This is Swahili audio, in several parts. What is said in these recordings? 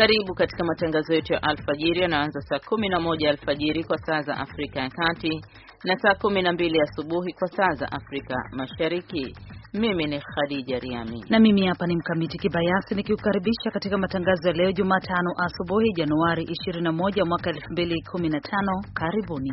Karibu katika matangazo yetu ya alfajiri yanaanza saa 11 alfajiri kwa saa za Afrika ya Kati na saa 12 asubuhi kwa saa za Afrika Mashariki. Mimi ni Khadija Riami na mimi hapa ni Mkamiti Kibayasi nikiukaribisha katika matangazo ya leo Jumatano asubuhi Januari 21 mwaka 2015. Karibuni.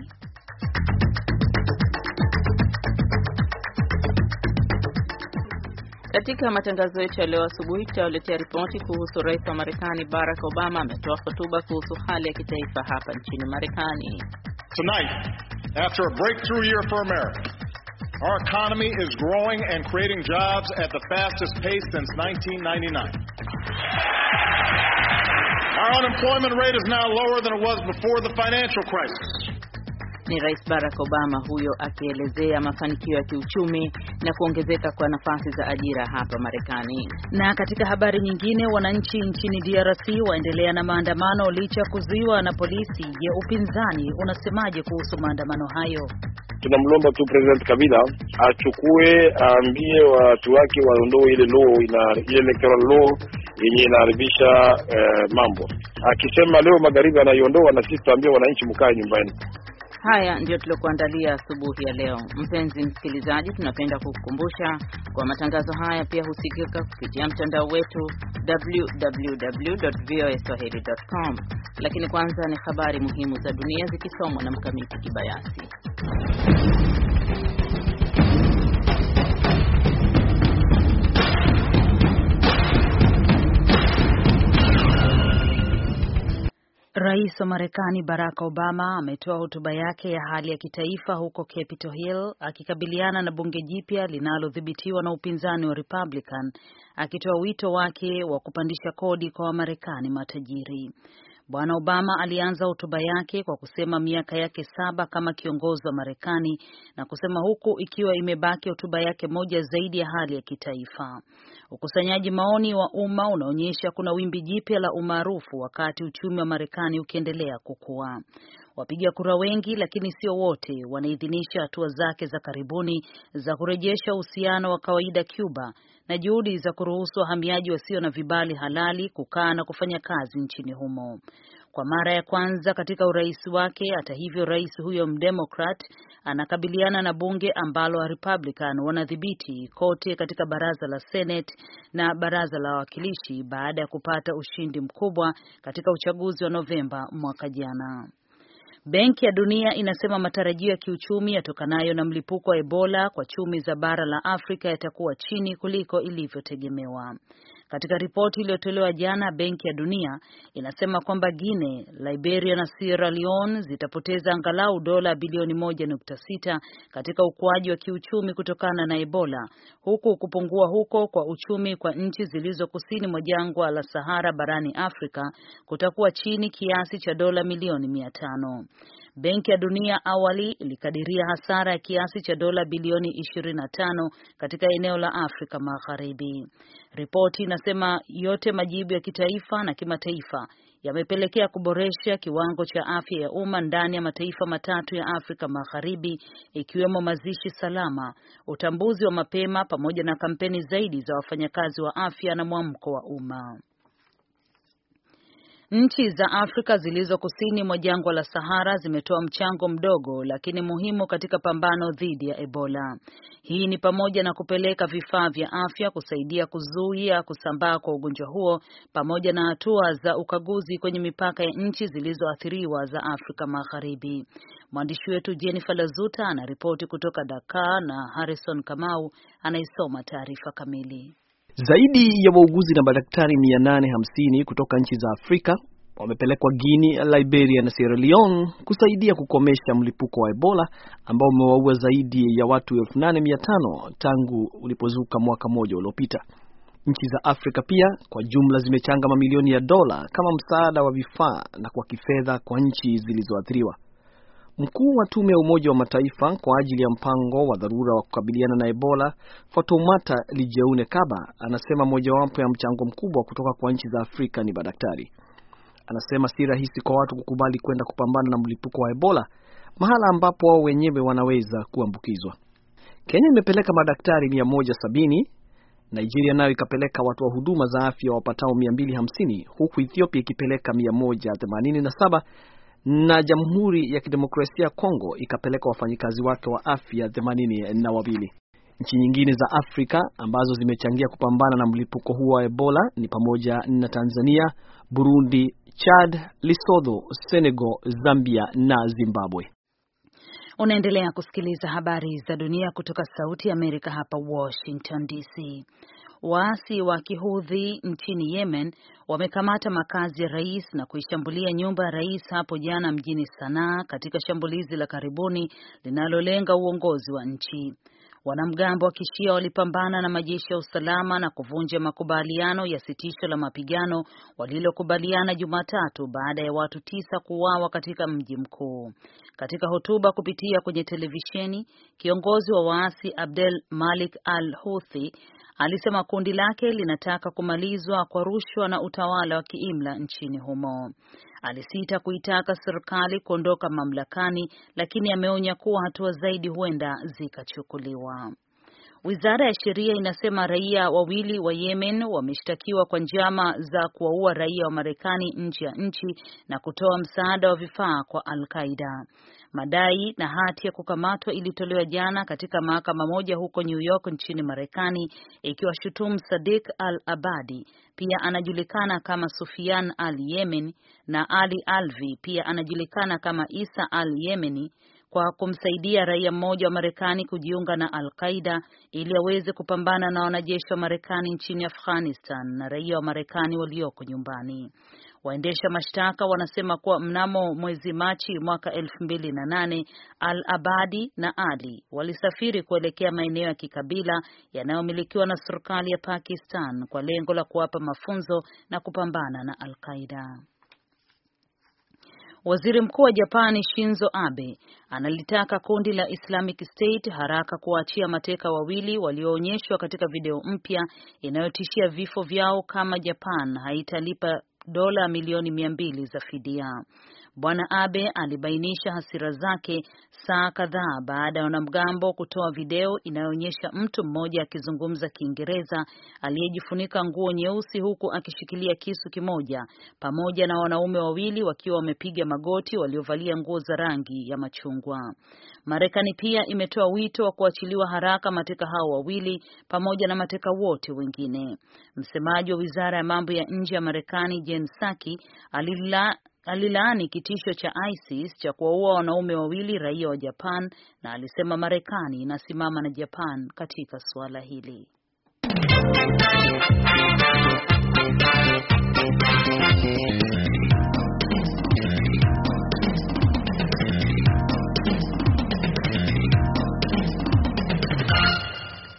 Katika matangazo yetu ya leo asubuhi tutawaletea ripoti kuhusu rais wa Marekani Barack Obama ametoa hotuba kuhusu hali ya kitaifa hapa nchini Marekani. Tonight, after a breakthrough year for America, our economy is growing and creating jobs at the fastest pace since 1999. Our unemployment rate is now lower than it was before the financial crisis. Ni Rais Barack Obama huyo akielezea mafanikio ya kiuchumi na kuongezeka kwa nafasi za ajira hapa Marekani. Na katika habari nyingine, wananchi nchini DRC waendelea na maandamano licha ya kuzuiwa na polisi. Je, upinzani unasemaje kuhusu maandamano hayo? Tunamlomba tu President Kabila achukue, aambie watu wake waondoe ile law ina ile electoral law yenye inaharibisha eh, mambo. Akisema leo magharibi anaiondoa, na sisi tuambie wananchi mkae nyumbani. Haya ndiyo tuliokuandalia asubuhi ya leo. Mpenzi msikilizaji, tunapenda kukukumbusha kwa matangazo haya pia husikika kupitia mtandao wetu www.voaswahili.com. Lakini kwanza ni habari muhimu za dunia zikisomwa na Mkamiti Kibayasi. Rais wa Marekani Barack Obama ametoa hotuba yake ya hali ya kitaifa huko Capitol Hill akikabiliana na bunge jipya linalodhibitiwa na upinzani wa Republican akitoa wito wake wa kupandisha kodi kwa Wamarekani matajiri. Bwana Obama alianza hotuba yake kwa kusema miaka yake saba kama kiongozi wa Marekani na kusema huku ikiwa imebaki hotuba yake moja zaidi ya hali ya kitaifa. Ukusanyaji maoni wa umma unaonyesha kuna wimbi jipya la umaarufu wakati uchumi wa Marekani ukiendelea kukua. Wapiga kura wengi lakini sio wote wanaidhinisha hatua zake za karibuni za kurejesha uhusiano wa kawaida Cuba na juhudi za kuruhusu wahamiaji wasio na vibali halali kukaa na kufanya kazi nchini humo kwa mara ya kwanza katika urais wake. Hata hivyo, rais huyo mdemokrat anakabiliana na bunge ambalo Warepublican wanadhibiti kote katika baraza la Senate na baraza la wawakilishi baada ya kupata ushindi mkubwa katika uchaguzi wa Novemba mwaka jana. Benki ya Dunia inasema matarajio ya kiuchumi yatokanayo na mlipuko wa Ebola kwa chumi za bara la Afrika yatakuwa chini kuliko ilivyotegemewa. Katika ripoti iliyotolewa jana, Benki ya Dunia inasema kwamba Guinea, Liberia na Sierra Leone zitapoteza angalau dola bilioni 1.6 katika ukuaji wa kiuchumi kutokana na Ebola, huku kupungua huko kwa uchumi kwa nchi zilizo kusini mwa jangwa la Sahara barani Afrika kutakuwa chini kiasi cha dola milioni mia tano. Benki ya Dunia awali ilikadiria hasara ya kiasi cha dola bilioni 25 katika eneo la Afrika Magharibi. Ripoti inasema yote majibu ya kitaifa na kimataifa yamepelekea kuboresha kiwango cha afya ya umma ndani ya mataifa matatu ya Afrika Magharibi ikiwemo mazishi salama, utambuzi wa mapema pamoja na kampeni zaidi za wafanyakazi wa afya na mwamko wa umma. Nchi za Afrika zilizo kusini mwa jangwa la Sahara zimetoa mchango mdogo lakini muhimu katika pambano dhidi ya Ebola. Hii ni pamoja na kupeleka vifaa vya afya kusaidia kuzuia kusambaa kwa ugonjwa huo pamoja na hatua za ukaguzi kwenye mipaka ya nchi zilizoathiriwa za Afrika Magharibi. Mwandishi wetu Jennifer Lazuta anaripoti kutoka Dakar na Harrison Kamau anaisoma taarifa kamili. Zaidi ya wauguzi na madaktari 850 kutoka nchi za Afrika wamepelekwa Guinea, Liberia na Sierra Leone kusaidia kukomesha mlipuko wa Ebola ambao umewaua zaidi ya watu 8500 tangu ulipozuka mwaka mmoja uliopita. Nchi za Afrika pia kwa jumla zimechanga mamilioni ya dola kama msaada wa vifaa na kwa kifedha kwa nchi zilizoathiriwa. Mkuu wa tume ya Umoja wa Mataifa kwa ajili ya mpango wa dharura wa kukabiliana na Ebola, Fatoumata Lijeune Kaba, anasema mojawapo ya mchango mkubwa kutoka kwa nchi za Afrika ni madaktari. Anasema si rahisi kwa watu kukubali kwenda kupambana na mlipuko wa Ebola mahala ambapo wao wenyewe wanaweza kuambukizwa. Kenya imepeleka madaktari 170, Nigeria nayo ikapeleka watu wa huduma za afya wapatao 250, huku Ethiopia ikipeleka 187 na Jamhuri ya Kidemokrasia ya Kongo ikapeleka wafanyikazi wake wa afya themanini na wawili. Nchi nyingine za Afrika ambazo zimechangia kupambana na mlipuko huo wa Ebola ni pamoja na Tanzania, Burundi, Chad, Lesotho, Senegal, Zambia na Zimbabwe. Unaendelea kusikiliza habari za dunia kutoka Sauti ya Amerika hapa Washington DC. Waasi wa kihudhi nchini Yemen wamekamata makazi ya rais na kuishambulia nyumba ya rais hapo jana mjini Sanaa katika shambulizi la karibuni linalolenga uongozi wa nchi. Wanamgambo wa kishia walipambana na majeshi ya usalama na kuvunja makubaliano ya sitisho la mapigano walilokubaliana Jumatatu baada ya watu tisa kuuawa katika mji mkuu. Katika hotuba kupitia kwenye televisheni, kiongozi wa waasi Abdel Malik Al Houthi alisema kundi lake linataka kumalizwa kwa rushwa na utawala wa kiimla nchini humo. Alisita kuitaka serikali kuondoka mamlakani, lakini ameonya kuwa hatua zaidi huenda zikachukuliwa. Wizara ya sheria inasema raia wawili wa Yemen wameshtakiwa kwa njama za kuwaua raia wa Marekani nje ya nchi na kutoa msaada wa vifaa kwa Al-Qaida. Madai na hati ya kukamatwa ilitolewa jana katika mahakama moja huko New York nchini Marekani, ikiwashutumu Sadiq Al-Abadi, pia anajulikana kama Sufian al yemen na Ali Alvi, pia anajulikana kama Isa Al-Yemeni kwa kumsaidia raia mmoja wa Marekani kujiunga na Al-Qaida ili aweze kupambana na wanajeshi wa Marekani nchini Afghanistan na raia wa Marekani walioko nyumbani. Waendesha mashtaka wanasema kuwa mnamo mwezi Machi mwaka elfu mbili na nane Al-Abadi na Ali walisafiri kuelekea maeneo ya kikabila yanayomilikiwa na serikali ya Pakistan kwa lengo la kuwapa mafunzo na kupambana na Al-Qaida. Waziri Mkuu wa Japani Shinzo Abe analitaka kundi la Islamic State haraka kuwaachia mateka wawili walioonyeshwa katika video mpya inayotishia vifo vyao kama Japan haitalipa dola milioni mia mbili za fidia. Bwana Abe alibainisha hasira zake saa kadhaa baada ya wanamgambo kutoa video inayoonyesha mtu mmoja akizungumza Kiingereza aliyejifunika nguo nyeusi huku akishikilia kisu kimoja pamoja na wanaume wawili wakiwa wamepiga magoti waliovalia nguo za rangi ya machungwa. Marekani pia imetoa wito wa kuachiliwa haraka mateka hao wawili pamoja na mateka wote wengine. Msemaji wa Wizara ya Mambo ya Nje ya Marekani Jen Saki alila alilaani kitisho cha ISIS cha kuwaua wanaume wawili raia wa Japan na alisema Marekani inasimama na Japan katika suala hili.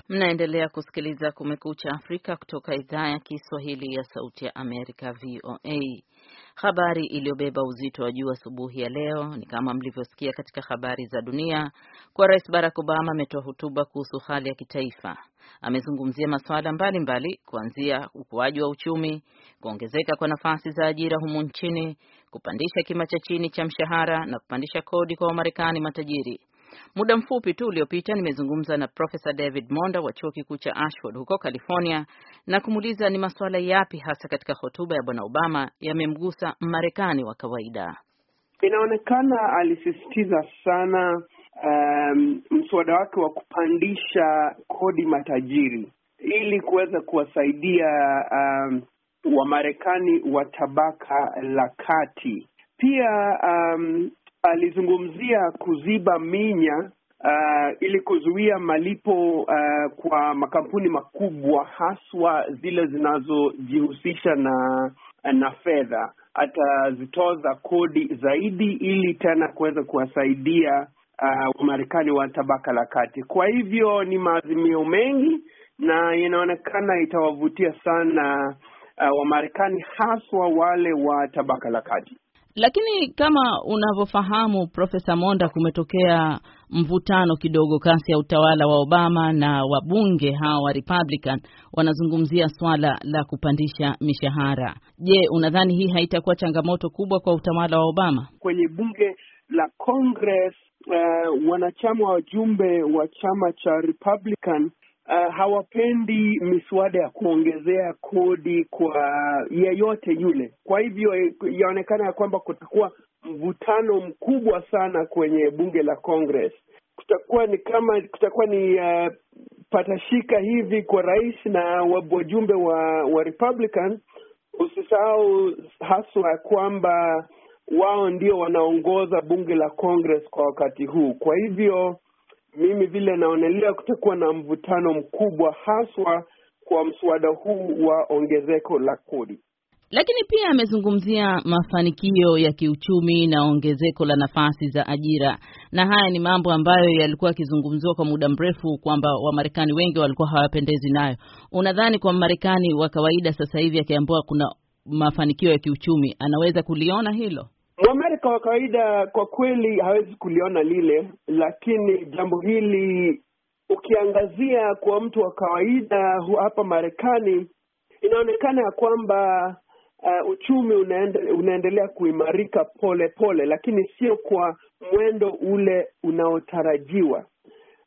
Mnaendelea kusikiliza Kumekucha Afrika kutoka idhaa ya Kiswahili ya Sauti ya Amerika, VOA. Habari iliyobeba uzito wa juu asubuhi ya leo ni kama mlivyosikia katika habari za dunia, kwa Rais Barack Obama ametoa hotuba kuhusu hali ya kitaifa. Amezungumzia masuala mbalimbali kuanzia ukuaji wa uchumi, kuongezeka kwa nafasi za ajira humu nchini, kupandisha kima cha chini cha mshahara na kupandisha kodi kwa Wamarekani matajiri. Muda mfupi tu uliopita nimezungumza na Profesa David Monda wa Chuo Kikuu cha Ashford huko California na kumuuliza ni masuala yapi hasa katika hotuba ya Bwana Obama yamemgusa Marekani wa kawaida. Inaonekana alisisitiza sana um, mswada wake wa kupandisha kodi matajiri ili kuweza kuwasaidia um, Wamarekani wa tabaka la kati. Pia um, alizungumzia kuziba minya Uh, ili kuzuia malipo uh, kwa makampuni makubwa haswa zile zinazojihusisha na na fedha, atazitoza kodi zaidi ili tena kuweza kuwasaidia uh, Wamarekani uh, wa tabaka la kati. Kwa hivyo ni maazimio mengi na inaonekana itawavutia sana uh, Wamarekani haswa wale wa tabaka la kati. Lakini kama unavyofahamu Profesa Monda, kumetokea mvutano kidogo kasi ya utawala wa Obama na wabunge hawa wa Republican wanazungumzia swala la kupandisha mishahara. Je, unadhani hii haitakuwa changamoto kubwa kwa utawala wa Obama? Kwenye bunge la Congress, uh, wanachama wajumbe wa chama cha Republican uh, hawapendi miswada ya kuongezea kodi kwa yeyote yule. Kwa hivyo eh, yaonekana ya kwamba kutakuwa mvutano mkubwa sana kwenye bunge la Congress. Kutakuwa ni kama kutakuwa ni uh, patashika hivi kwa rais na wajumbe wa, wa Republican. Usisahau haswa ya kwamba wao ndio wanaongoza bunge la Congress kwa wakati huu, kwa hivyo mimi vile naonelea kutakuwa na mvutano mkubwa haswa kwa mswada huu wa ongezeko la kodi. Lakini pia amezungumzia mafanikio ya kiuchumi na ongezeko la nafasi za ajira, na haya ni mambo ambayo yalikuwa yakizungumziwa kwa muda mrefu kwamba Wamarekani wengi walikuwa hawapendezi nayo. Unadhani kwa marekani wa kawaida sasa hivi akiambiwa kuna mafanikio ya kiuchumi anaweza kuliona hilo? Mwame kwa wa kawaida kwa kweli hawezi kuliona lile, lakini jambo hili ukiangazia kwa mtu wa kawaida hapa Marekani, inaonekana ya kwamba uh, uchumi unaende, unaendelea kuimarika pole pole, lakini sio kwa mwendo ule unaotarajiwa.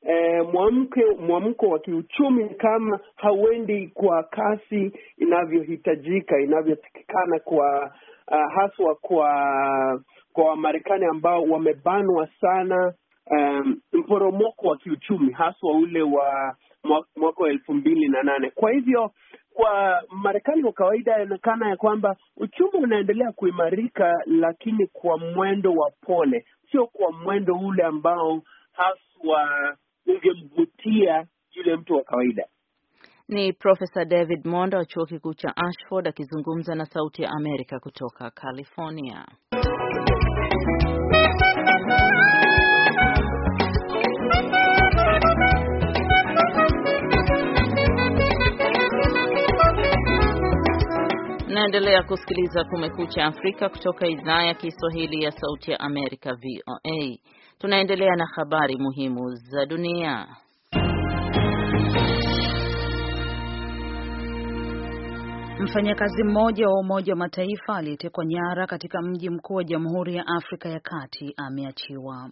E, mwamke mwamko wa kiuchumi kama hauendi kwa kasi inavyohitajika inavyotikikana kwa uh, haswa kwa kwa Wamarekani ambao wamebanwa sana um, mporomoko wa kiuchumi haswa ule wa mwaka wa elfu mbili na nane. Kwa hivyo kwa Marekani wa kawaida inaonekana ya kwamba uchumi unaendelea kuimarika, lakini kwa mwendo wa pole, sio kwa mwendo ule ambao haswa ungemvutia yule mtu wa kawaida. Ni Profesa David Monda wa chuo kikuu cha Ashford akizungumza na Sauti ya Amerika kutoka California. Unaendelea kusikiliza Kumekucha Afrika kutoka idhaa ya Kiswahili ya Sauti ya Amerika, VOA. Tunaendelea na habari muhimu za dunia. Mfanyakazi mmoja wa Umoja wa Mataifa aliyetekwa nyara katika mji mkuu wa Jamhuri ya Afrika ya Kati ameachiwa.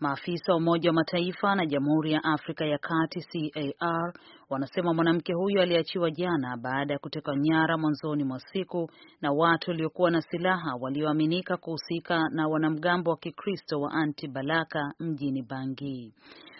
Maafisa wa Umoja wa Mataifa na Jamhuri ya Afrika ya Kati CAR wanasema mwanamke huyo aliachiwa jana baada ya kutekwa nyara mwanzoni mwa siku na watu waliokuwa na silaha walioaminika kuhusika na wanamgambo wa Kikristo wa Anti Balaka mjini Bangi.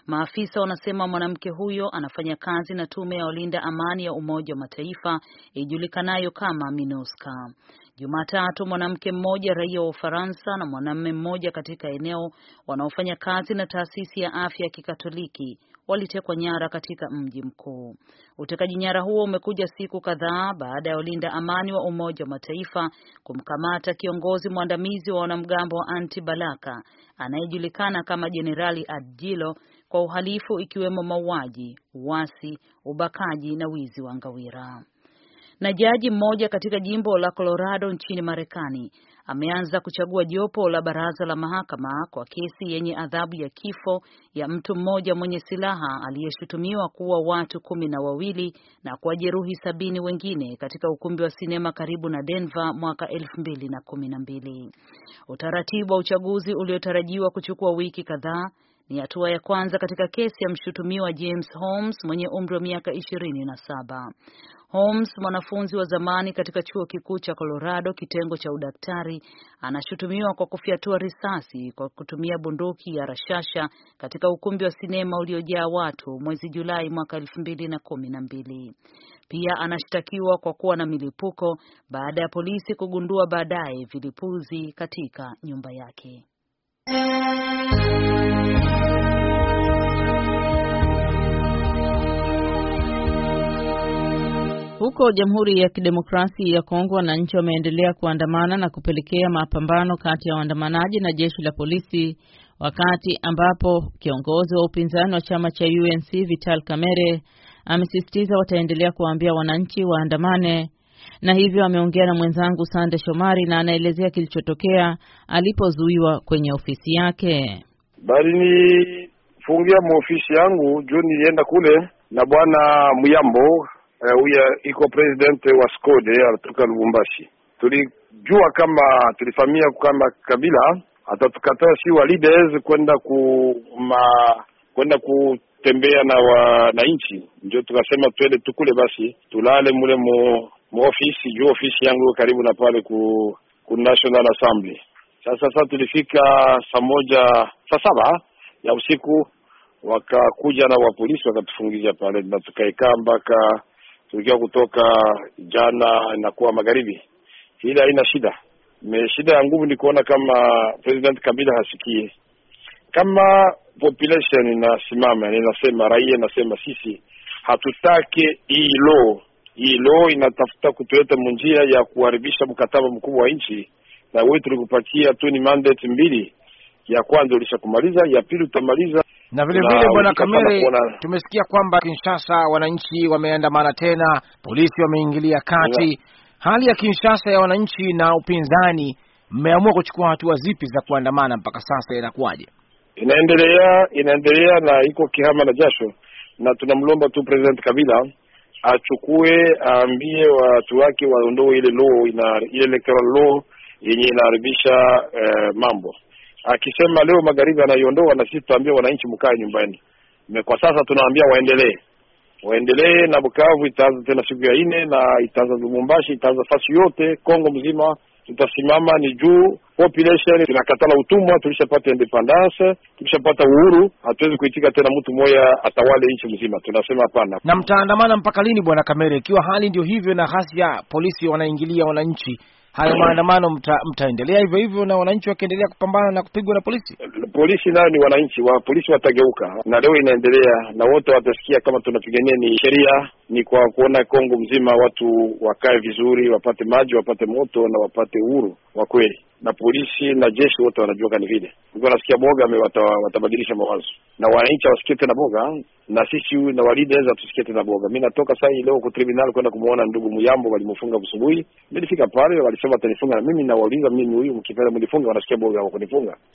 Maafisa wanasema mwanamke huyo anafanya kazi na tume ya walinda amani ya Umoja wa Mataifa ijulikanayo kama MINUSCA. Jumatatu mwanamke mmoja raia wa Ufaransa na mwanamume mmoja katika eneo wanaofanya kazi na taasisi ya afya ya Kikatoliki walitekwa nyara katika mji mkuu. Utekaji nyara huo umekuja siku kadhaa baada ya walinda amani wa Umoja wa Mataifa kumkamata kiongozi mwandamizi wa wanamgambo wa Anti-Balaka anayejulikana kama Jenerali Adjilo kwa uhalifu ikiwemo mauaji, uasi, ubakaji na wizi wa ngawira. Na jaji mmoja katika jimbo la Colorado nchini Marekani ameanza kuchagua jopo la baraza la mahakama kwa kesi yenye adhabu ya kifo ya mtu mmoja mwenye silaha aliyeshutumiwa kuua watu kumi na wawili na kuwajeruhi sabini wengine katika ukumbi wa sinema karibu na Denver mwaka elfu mbili na kumi na mbili. Utaratibu wa uchaguzi uliotarajiwa kuchukua wiki kadhaa ni hatua ya kwanza katika kesi ya mshutumiwa James Holmes mwenye umri wa miaka ishirini na saba. Holmes, mwanafunzi wa zamani katika chuo kikuu cha Colorado kitengo cha udaktari, anashutumiwa kwa kufyatua risasi kwa kutumia bunduki ya rashasha katika ukumbi wa sinema uliojaa watu mwezi Julai mwaka elfu mbili na kumi na mbili. Pia anashtakiwa kwa kuwa na milipuko baada ya polisi kugundua baadaye vilipuzi katika nyumba yake. Huko Jamhuri ya kidemokrasi ya Kongo, wananchi wameendelea kuandamana na kupelekea mapambano kati ya waandamanaji na jeshi la polisi, wakati ambapo kiongozi wa upinzani wa chama cha UNC Vital Kamerhe amesisitiza wataendelea kuwaambia wananchi waandamane, na hivyo ameongea na mwenzangu Sande Shomari na anaelezea kilichotokea alipozuiwa kwenye ofisi yake. Bali ni fungia maofisi yangu juu nilienda kule na bwana Muyambo Eh, huyo uh, iko president wa Skode eh, anatoka Lubumbashi. Tulijua kama tulifamia kama Kabila atatukataa si wa leaders kwenda ku kwenda kutembea na wananchi, ndio tukasema twende tukule basi tulale mule mu, mu ofisi juu ofisi yangu karibu na pale ku, ku National Assembly. Sasa sasa tulifika saa moja saa saba ya usiku wakakuja na wapolisi wakatufungilia pale na tukaikaa mpaka tukiwa kutoka jana inakuwa magharibi, ile haina shida. Me shida ya nguvu ni kuona kama President Kabila hasikie kama population inasimama, nasema raia inasema sisi hatutake hii law. Hii law inatafuta kutuleta munjia ya kuharibisha mkataba mkubwa wa nchi, na wewe tulikupatia tu ni mandate mbili, ya kwanza ulishakumaliza, ya pili utamaliza na vile vile bwana Kamere, tumesikia kwamba Kinshasa wananchi wameandamana tena, polisi wameingilia kati yeah. Hali ya Kinshasa ya wananchi na upinzani, mmeamua kuchukua hatua zipi za kuandamana mpaka sasa? Inakuwaje? Inaendelea, inaendelea na iko kihama na jasho, na tunamlomba tu President Kabila achukue, aambie watu wake waondoe ile law, ile electoral law yenye inaharibisha eh, mambo akisema leo magharibi anaiondoa, na sisi tutaambia wananchi mkae nyumbani. Kwa sasa tunaambia waendelee, waendelee na Bukavu itaanza tena siku ya nne na itaanza Lubumbashi, itaanza fasi yote Kongo mzima tutasimama ni juu population tunakatala utumwa. Tulishapata independence, tulishapata uhuru, hatuwezi kuitika tena mtu mmoja atawale nchi mzima. Tunasema hapana. Na mtaandamana mpaka lini, bwana Kamere, ikiwa hali ndio hivyo na ghasia, polisi wanaingilia wananchi? hayo maandamano mtaendelea mta hivyo hivyo na wananchi wakiendelea kupambana na kupigwa na polisi? Polisi nayo ni wananchi wa polisi, watageuka na leo inaendelea, na wote watasikia kama tunapigania ni sheria, ni kwa kuona Kongo mzima watu wakae vizuri, wapate maji, wapate moto na wapate uhuru wa kweli na polisi na jeshi wote wanajua kani vile. Mtu nasikia boga wata, watabadilisha mawazo na wananchi hawasikie tena boga, na sisi na walideeza tusikie tena boga. Mi natoka saa leo ku tribunal kwenda kumwona ndugu Muyambo, walimfunga asubuhi. Nilifika pale walisema watanifunga, na mimi nawauliza, mimi huyu mkipenda mlifunga Wanasikia boga wa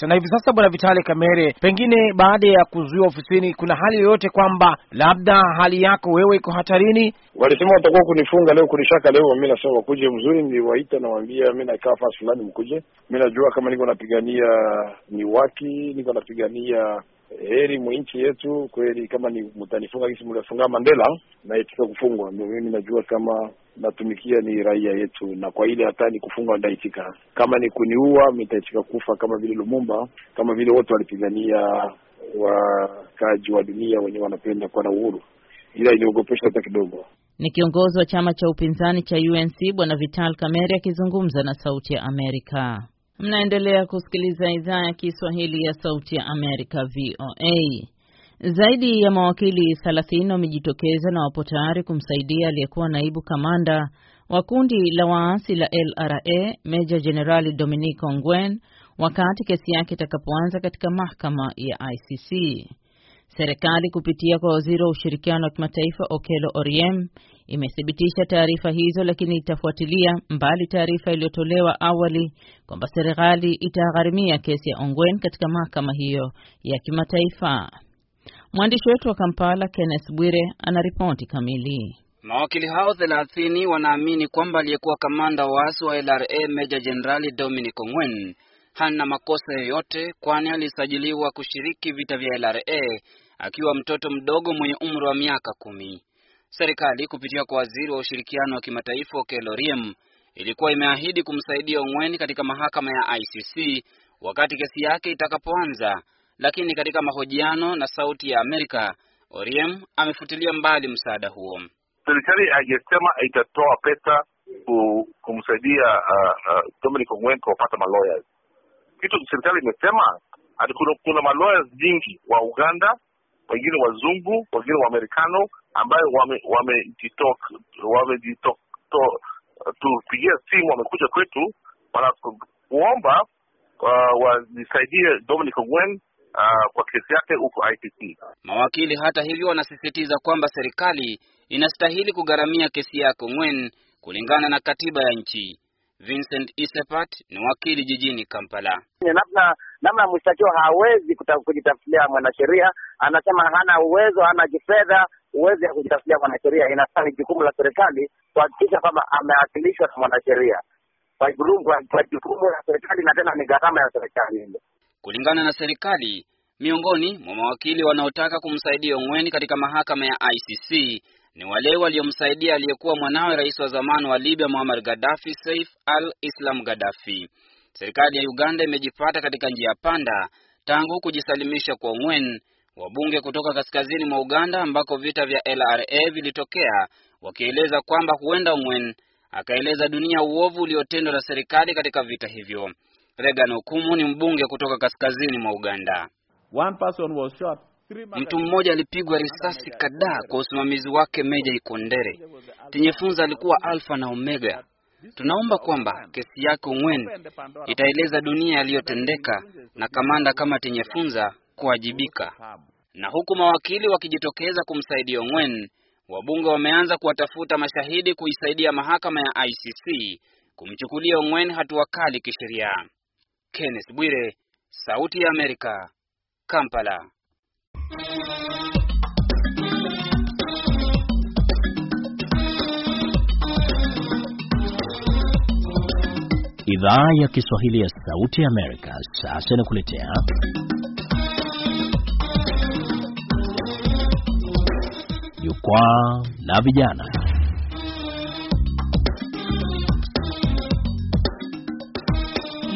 na hivi sasa. Bwana Vitali Kamere, pengine baada ya kuzuiwa ofisini, kuna hali yoyote kwamba labda hali yako wewe iko hatarini? Walisema watakuwa kunifunga leo kunishaka leo. Mi nasema wakuje mzuri, niliwaita nawaambia mi nakaa fasi fulani, mkuje mi najua kama niko napigania ni waki, niko napigania eh, heri mwinchi yetu kweli. Kama ni mtanifunga kisi mliofunga Mandela, naitika kufungwa. Ndio mimi najua kama natumikia ni raia yetu, na kwa ile hata ni kufungwa ndaitika. Kama ni kuniua, mitaitika kufa kama vile Lumumba, kama vile wote walipigania wakaji wa dunia wenye wanapenda kuwa na uhuru, ila iliogopesha hata kidogo. Ni kiongozi wa chama cha upinzani cha UNC Bwana Vital Kamerhe akizungumza na Sauti ya Amerika. Mnaendelea kusikiliza idhaa ya Kiswahili ya Sauti ya Amerika, VOA. Zaidi ya mawakili 30 wamejitokeza na wapo tayari kumsaidia aliyekuwa naibu kamanda wa kundi la waasi la LRA Meja Jenerali Dominic Ongwen wakati kesi yake itakapoanza katika mahakama ya ICC. Serikali kupitia kwa waziri wa ushirikiano wa kimataifa Okelo Oriem imethibitisha taarifa hizo, lakini itafuatilia mbali taarifa iliyotolewa awali kwamba serikali itagharimia kesi ya Ongwen katika mahakama hiyo ya kimataifa. Mwandishi wetu wa Kampala Kenneth Bwire anaripoti kamili. Mawakili hao thelathini wanaamini kwamba aliyekuwa kamanda wa waasi wa LRA Meja Jenerali Dominic Ongwen hana makosa yoyote, kwani alisajiliwa kushiriki vita vya LRA akiwa mtoto mdogo mwenye umri wa miaka kumi. Serikali kupitia kwa waziri wa ushirikiano wa kimataifa Okello Oryem ilikuwa imeahidi kumsaidia Ongwen katika mahakama ya ICC wakati kesi yake itakapoanza, lakini katika mahojiano na Sauti ya Amerika, Oryem amefutilia mbali msaada huo. Serikali haijasema itatoa pesa kumsaidia uh, uh, Dominic Ongwen kupata malawyers. Kitu serikali imesema kuna, kuna malawyers nyingi wa Uganda, wengine wazungu, wengine waamerikano ambayo wame simu, wamekuja kwetu, wanakuomba uh, wajisaidie Dominic uh, kwa kesi yake huko ICC. Mawakili hata hivyo wanasisitiza kwamba serikali inastahili kugharamia kesi yake ngwen kulingana na katiba ya nchi. Vincent Isepat ni wakili jijini Kampala. Namna namna mshtakiwa hawezi kujitafutilia mwanasheria, anasema hana uwezo, hana kifedha, uweze kujitafutia mwanasheria, inafaa ni jukumu la serikali kuhakikisha kwamba amewakilishwa na mwanasheria kwa jukumu la serikali, na tena ni gharama ya serikali ile. Kulingana na serikali, miongoni mwa mawakili wanaotaka kumsaidia Ongwen katika mahakama ya ICC ni wale waliomsaidia aliyekuwa mwanawe rais wa zamani wa Libya Muammar Gaddafi, Saif al-Islam Gaddafi. Serikali ya Uganda imejipata katika njia panda tangu kujisalimisha kwa Ongwen Wabunge kutoka kaskazini mwa Uganda ambako vita vya LRA vilitokea wakieleza kwamba huenda Ongwen akaeleza dunia uovu uliotendwa na serikali katika vita hivyo. Regan Okumu ni mbunge kutoka kaskazini mwa Uganda. One person was shot. Mtu mmoja alipigwa risasi kadhaa kwa usimamizi wake Meja Ikondere Tinyefunza alikuwa alfa na omega. Tunaomba kwamba kesi yake Ongwen itaeleza dunia yaliyotendeka na kamanda kama Tinyefunza kuwajibika. Na huku mawakili wakijitokeza kumsaidia Ongwen, wabunge wameanza kuwatafuta mashahidi kuisaidia mahakama ya ICC kumchukulia Ongwen hatua kali kisheria. Kenneth Bwire, Sauti ya Amerika, Kampala. Idhaa ya Kiswahili ya Sauti ya Amerika sasa inakuletea jukwaa la vijana.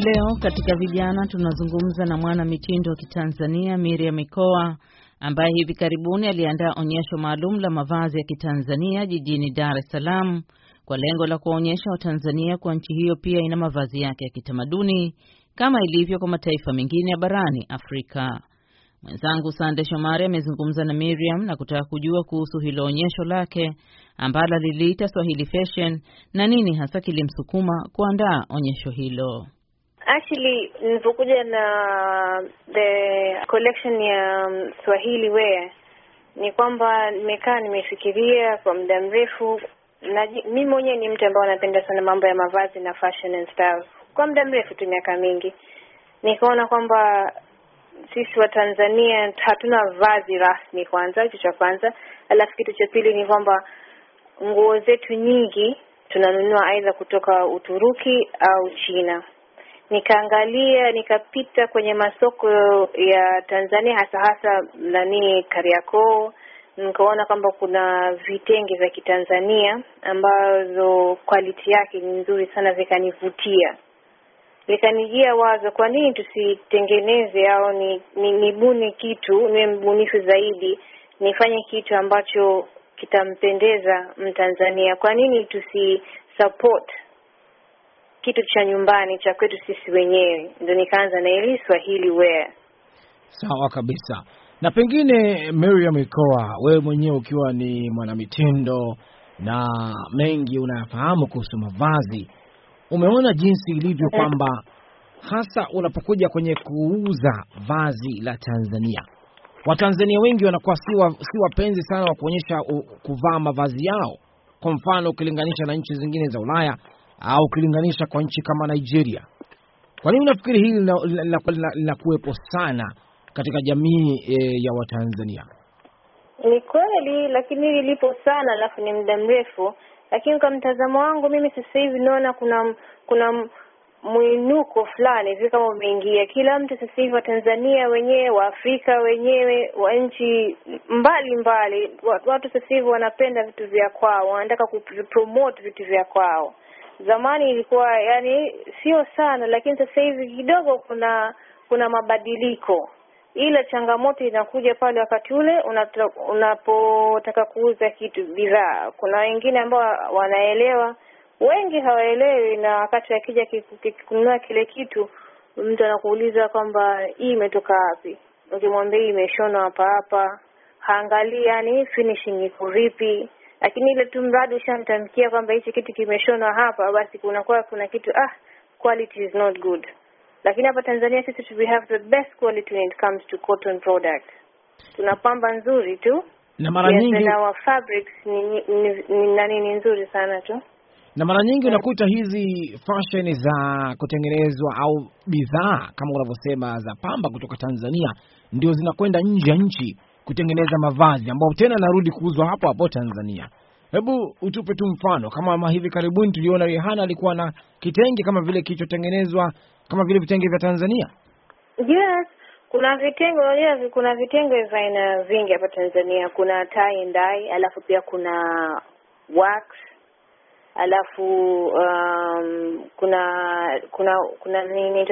Leo katika vijana tunazungumza na mwana mitindo wa Kitanzania Miriam Mikoa ambaye hivi karibuni aliandaa onyesho maalum la mavazi ya Kitanzania jijini Dar es Salaam kwa lengo la kuwaonyesha Watanzania kuwa nchi hiyo pia ina mavazi yake ya kitamaduni kama ilivyo kwa mataifa mengine ya barani Afrika. Mwenzangu Sande Shomari amezungumza na Miriam na kutaka kujua kuhusu hilo onyesho lake ambalo liliita Swahili Fashion na nini hasa kilimsukuma kuandaa onyesho hilo. Actually, nilipokuja na the collection ya um, Swahili wear ni kwamba nimekaa nimefikiria kwa muda mrefu, na mi mwenyewe ni mtu ambaye anapenda sana mambo ya mavazi na fashion and style kwa muda mrefu tu, miaka mingi, nikaona kwamba sisi Watanzania hatuna vazi rasmi, kwanza hicho cha kwanza. Alafu kitu cha pili ni kwamba nguo zetu nyingi tunanunua aidha kutoka Uturuki au China. Nikaangalia, nikapita kwenye masoko ya Tanzania, hasa hasa nani, Kariakoo, nikaona kwamba kuna vitenge vya Kitanzania ambazo quality yake ni nzuri sana, vikanivutia nikanijia wazo, kwa nini tusitengeneze au ni, ni, kitu, niwe mbunifu zaidi, nifanye kitu ambacho kitampendeza Mtanzania. Kwa nini tusi support kitu cha nyumbani cha kwetu sisi wenyewe? ndo nikaanza na ili Swahili wear. Sawa kabisa. Na pengine Miriam Ikoa, wewe mwenyewe ukiwa ni mwanamitindo na mengi unayafahamu kuhusu mavazi umeona jinsi ilivyo kwamba hasa unapokuja kwenye kuuza vazi la Tanzania, Watanzania wengi wanakuwa si wapenzi sana wa kuonyesha kuvaa mavazi yao, kwa mfano ukilinganisha na nchi zingine za Ulaya au ukilinganisha kwa nchi kama Nigeria. Kwa nini unafikiri hili linakuwepo sana katika jamii e, ya Watanzania? Ni kweli, lakini hili lipo sana, alafu ni muda mrefu lakini kwa mtazamo wangu mimi sasa hivi naona kuna kuna mwinuko fulani hivi kama umeingia kila mtu sasa hivi, Watanzania wenyewe, Waafrika wenyewe, wa nchi mbali mbali, watu sasa hivi wanapenda vitu vya kwao, wanataka kupromote vitu vya kwao. Zamani ilikuwa yani sio sana, lakini sasa hivi kidogo kuna kuna mabadiliko ila changamoto inakuja pale wakati ule unapotaka kuuza kitu bidhaa. Kuna wengine ambao wanaelewa, wengi hawaelewi, na wakati akija kununua kile kitu, mtu anakuuliza kwamba hii imetoka wapi? Ukimwambia hii imeshonwa hapa hapa, haangalii yani finishing iko vipi, lakini ile tu mradi ushamtamkia kwamba hichi kitu kimeshonwa hapa, basi kunakuwa kuna kitu ah, quality is not good lakini hapa Tanzania sisi we have the best quality when it comes to cotton products. Tuna pamba nzuri tu na mara yes, nyingi na fabrics ni, ni, ni, nani ni nzuri sana tu na mara nyingi unakuta hizi fashion za kutengenezwa au bidhaa kama unavyosema za pamba kutoka Tanzania ndio zinakwenda nje ya nchi kutengeneza mavazi ambayo tena narudi kuuzwa hapo hapo Tanzania. Hebu utupe tu mfano kama hivi karibuni tuliona Rihanna alikuwa na kitenge kama vile kilichotengenezwa kama vile vitenge vya Tanzania. Yes, kuna vitenge unajua, kuna vitenge vya aina vingi hapa Tanzania. Kuna tie and dye, alafu pia kuna wax, alafu um, kuna kuna kuna nini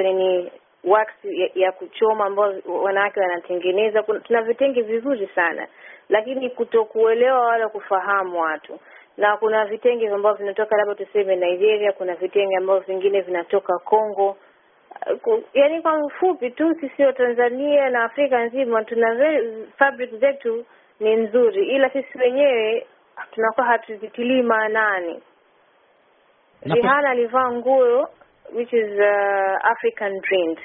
wax ya, ya kuchoma ambao wanawake wanatengeneza. Tuna vitenge vizuri sana, lakini kutokuelewa wala kufahamu watu na kuna vitenge ambavyo vinatoka labda tuseme Nigeria, kuna vitenge ambavyo vingine vinatoka Congo. Yaani kwa mfupi tu, sisi wa Tanzania na Afrika nzima tuna fabric zetu ni nzuri, ila sisi wenyewe tunakuwa hatuzitilii maanani. Rihanna alivaa nguo which is uh, African print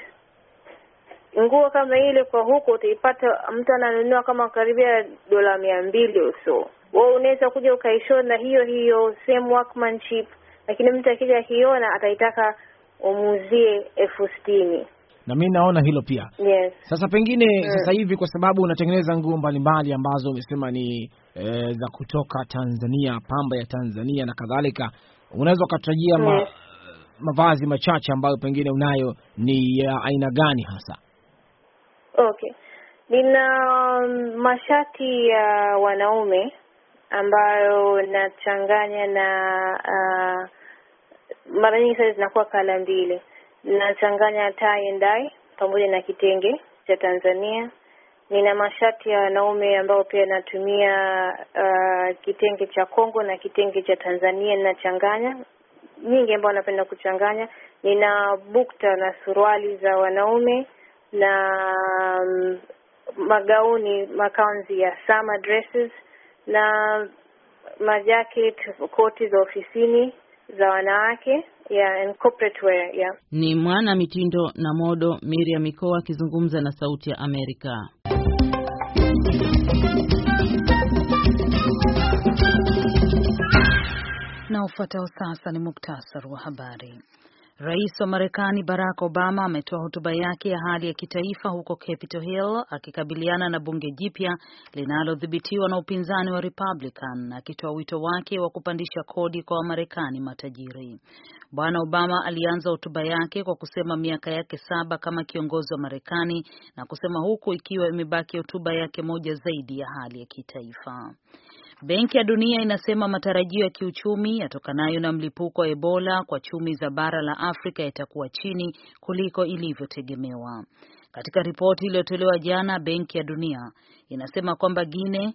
nguo kama ile kwa huko utaipata mtu ananunua kama karibia dola mia mbili uso wewe unaweza kuja ukaishona hiyo hiyo same workmanship, lakini mtu akija akiona ataitaka umuuzie elfu sitini na mi naona hilo pia yes. Sasa pengine mm. Sasa hivi kwa sababu unatengeneza nguo mbalimbali ambazo umesema ni e, za kutoka Tanzania, pamba ya Tanzania na kadhalika, unaweza ukatarajia yes. ma, mavazi machache ambayo pengine unayo ni ya aina gani hasa? Okay. Nina um, mashati ya uh, wanaume ambayo nachanganya na uh, mara nyingi sasa zinakuwa kala mbili. Nachanganya tie and dye pamoja na kitenge cha Tanzania. Nina mashati ya wanaume ambayo pia natumia uh, kitenge cha Kongo na kitenge cha Tanzania ninachanganya nyingi, ambayo napenda kuchanganya. Nina bukta na suruali za wanaume na um, magauni makaunzi ya summer dresses na majacket koti za ofisini za wanawake yeah, and corporate wear yeah. Ni mwana mitindo na modo Miriam Mikoa akizungumza na Sauti ya Amerika. Na ufuatao sasa ni muktasari wa habari. Rais wa Marekani Barack Obama ametoa hotuba yake ya hali ya kitaifa huko Capitol Hill akikabiliana na bunge jipya linalodhibitiwa na upinzani wa Republican, akitoa wito wake wa kupandisha kodi kwa Wamarekani matajiri. Bwana Obama alianza hotuba yake kwa kusema miaka yake saba kama kiongozi wa Marekani na kusema huku ikiwa imebaki hotuba yake moja zaidi ya hali ya kitaifa. Benki ya Dunia inasema matarajio ya kiuchumi yatokanayo na mlipuko wa Ebola kwa chumi za bara la Afrika yatakuwa chini kuliko ilivyotegemewa. Katika ripoti iliyotolewa jana, Benki ya Dunia inasema kwamba Guinea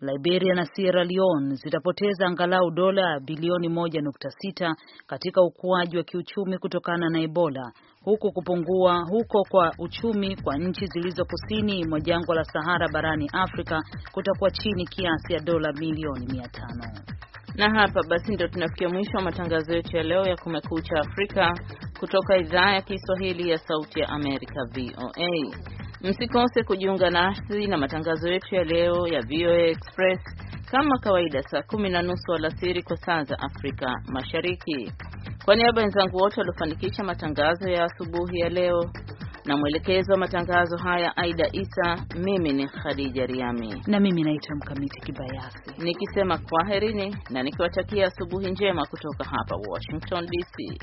Liberia na Sierra Leone zitapoteza angalau dola bilioni 1.6 katika ukuaji wa kiuchumi kutokana na Ebola, huku kupungua huko kwa uchumi kwa nchi zilizo kusini mwa jangwa la Sahara barani Afrika kutakuwa chini kiasi ya dola milioni 500. Na hapa basi ndio tunafikia mwisho wa matangazo yetu ya leo ya Kumekucha Afrika kutoka idhaa ya Kiswahili ya Sauti ya Amerika, VOA. Msikose kujiunga nasi na matangazo yetu ya leo ya VOA Express kama kawaida, saa kumi na nusu alasiri kwa saa za Afrika Mashariki. Kwa niaba wenzangu wote waliofanikisha matangazo ya asubuhi ya leo na mwelekezo wa matangazo haya Aida Isa, mimi ni Khadija Riami na mimi naitwa Mkamiti Kibayasi nikisema kwaherini na nikiwatakia asubuhi njema kutoka hapa Washington DC.